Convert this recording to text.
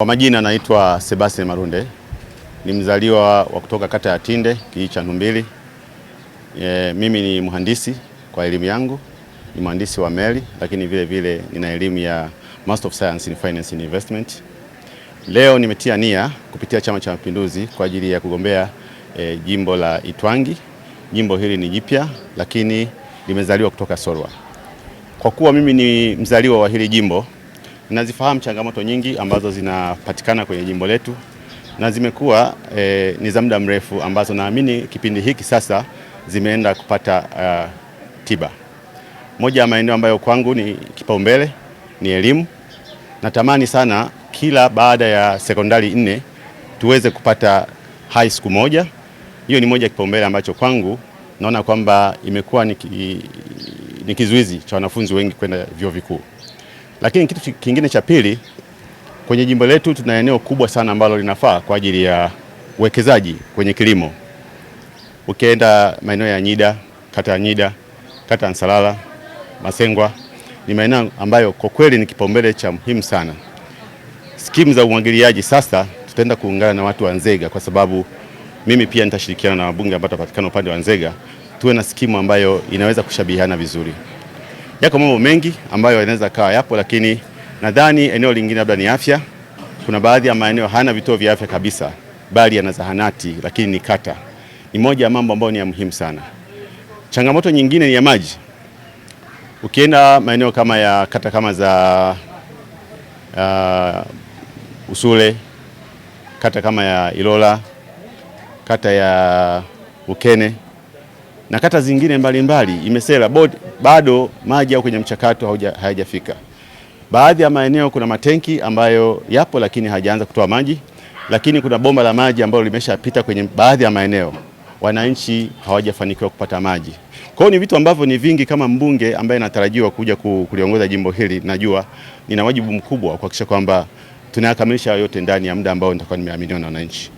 Kwa majina naitwa Sebastian Marunde, ni mzaliwa wa kutoka kata ya Tinde kijiji cha Ndumbili. E, mimi ni mhandisi kwa elimu yangu, ni mhandisi wa meli, lakini vile vile nina elimu ya Master of Science in Finance and Investment. Leo nimetia nia kupitia Chama cha Mapinduzi kwa ajili ya kugombea e, jimbo la Itwangi. Jimbo hili ni jipya, lakini limezaliwa kutoka Solwa. Kwa kuwa mimi ni mzaliwa wa hili jimbo Nazifahamu changamoto nyingi ambazo zinapatikana kwenye jimbo letu na zimekuwa e, ni za muda mrefu ambazo naamini kipindi hiki sasa zimeenda kupata uh, tiba. Moja ya maeneo ambayo kwangu ni kipaumbele ni elimu. Natamani sana kila baada ya sekondari nne tuweze kupata high school moja. Hiyo ni moja ya kipaumbele ambacho kwangu naona kwamba imekuwa ni kizuizi cha wanafunzi wengi kwenda vyuo vikuu. Lakini kitu kingine cha pili, kwenye jimbo letu tuna eneo kubwa sana ambalo linafaa kwa ajili ya uwekezaji kwenye kilimo. Ukienda maeneo ya Nyida, kata ya Nyida, kata ya Nsalala, Masengwa ni maeneo ambayo kwa kweli ni kipaumbele cha muhimu sana. Skimu za umwagiliaji sasa tutaenda kuungana na watu wa Nzega kwa sababu mimi pia nitashirikiana na wabunge ambao watapatikana upande wa Nzega, tuwe na skimu ambayo inaweza kushabihiana vizuri. Yako mambo mengi ambayo yanaweza kawa yapo, lakini nadhani eneo lingine labda ni afya. Kuna baadhi ya maeneo hana vituo vya afya kabisa, bali yana zahanati, lakini ni kata. Ni moja ya mambo ambayo ni ya muhimu sana. Changamoto nyingine ni ya maji. Ukienda maeneo kama ya kata kama za uh, Usule, kata kama ya Ilola, kata ya Ukene na kata zingine mbalimbali imesema bado maji au kwenye mchakato hayajafika. Baadhi ya maeneo kuna matenki ambayo yapo lakini hajaanza kutoa maji, lakini kuna bomba la maji ambalo limeshapita kwenye baadhi ya maeneo, wananchi hawajafanikiwa kupata maji. Kwa hiyo ni vitu ambavyo ni vingi. Kama mbunge ambaye natarajiwa kuja kuliongoza jimbo hili, najua nina wajibu mkubwa kuhakikisha kwamba tunayakamilisha yote ndani ya muda ambao nitakuwa nimeaminiwa na wananchi.